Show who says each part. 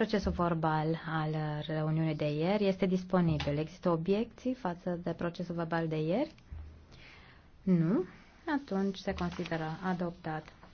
Speaker 1: Procesul verbal al reuniunii de ieri este disponibil. Există obiecții față de procesul verbal de ieri? Nu? Atunci se consideră adoptat.